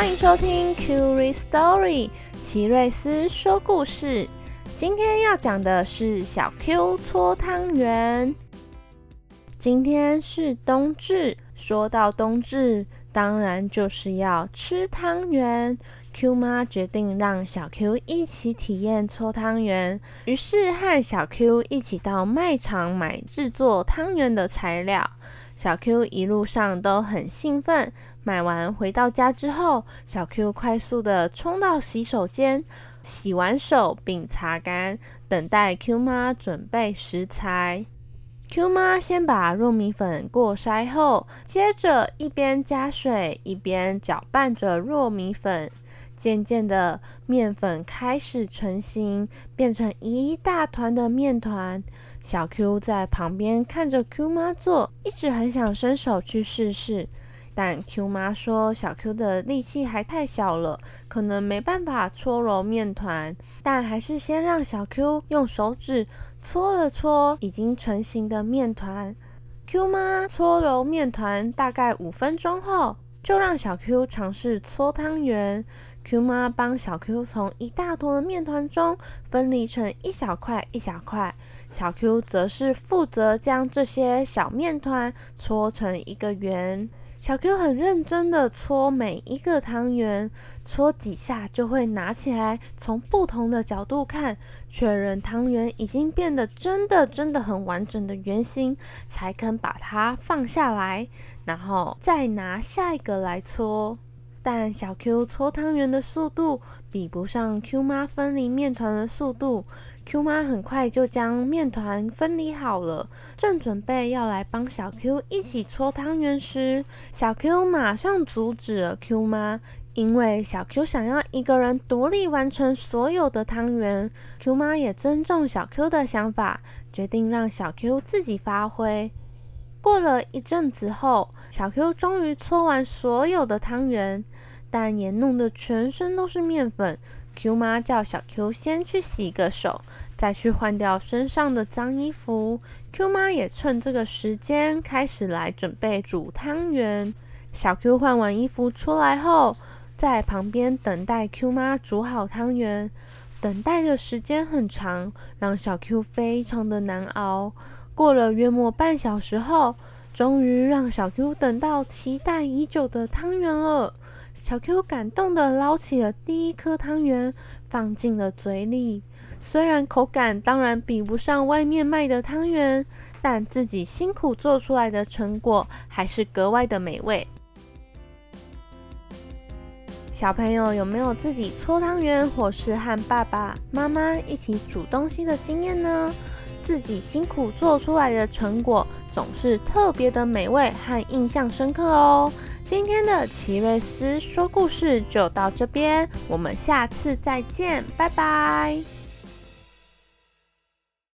歡迎收聽《Curious Story》，奇瑞斯說故事。今天要講的是小 Q 搓湯圓。今天是冬至，說到冬至，當然就是要吃湯圓。Q 媽決定讓小 Q 一起體驗搓湯圓，於是和小 Q 一起到賣場買製作湯圓的材料。小 Q 一路上都很興奮，買完回到家之後，小 Q 快速的衝到洗手間，洗完手並擦乾，等待 Q 媽準備食材。Q 媽先把糯米粉過篩後，接着一邊加水一邊攪拌着糯米粉，漸漸的麵粉開始成型，變成一大團的麵團。小 Q 在旁邊看着 Q 媽做，一直很想伸手去試試。但 Q 媽說，小 Q 的力氣還太小了，可能沒辦法搓揉麵團。但還是先讓小 Q 用手指搓了搓已經成型的麵團。Q 媽搓揉麵團大概五分鐘後。就讓小 Q 嘗試搓湯圓。Q 媽幫小 Q 從一大坨的麵團中分離成一小塊一小塊，小 Q 則是負責將這些小麵團搓成一個圓。小 Q 很認真地搓每一個湯圓，搓幾下就會拿起來，從不同的角度看，確認湯圓已經變得真的真的很完整的圓形，才肯把它放下來，然後再拿下一個。的來搓，但小 Q 搓湯圓的速度比不上 Q 媽分離麵糰的速度。Q 媽很快就將麵糰分離好了，正準備要來幫小 Q 一起搓湯圓時，小 Q 馬上阻止了 Q 媽，因為小 Q 想要一個人獨立完成所有的湯圓。Q 媽也尊重小 Q 的想法，決定讓小 Q 自己發揮。過了一陣子後，小 Q 終於搓完所有的湯圓，但也弄得全身都是麵粉。Q 媽叫小 Q 先去洗個手，再去換掉身上的髒衣服。Q 媽也趁這個時間開始來準備煮湯圓。小 Q 換完衣服出來後，在旁邊等待 Q 媽煮好湯圓。等待的時間很長，讓小 Q 非常的難熬。過了約莫半小時後，終於讓小 Q 等到期待已久的湯圓了。小 Q 感動的撈起了第一顆湯圓，放進了嘴裡。雖然口感當然比不上外面賣的湯圓，但自己辛苦做出來的成果還是格外的美味。小朋友有沒有自己搓湯圓，或是和爸爸媽媽一起煮東西的經驗呢？自己辛苦做出來的成果，總是特別的美味和印象深刻哦。今天的奇瑞斯說故事就到這邊，我們下次再見，拜拜。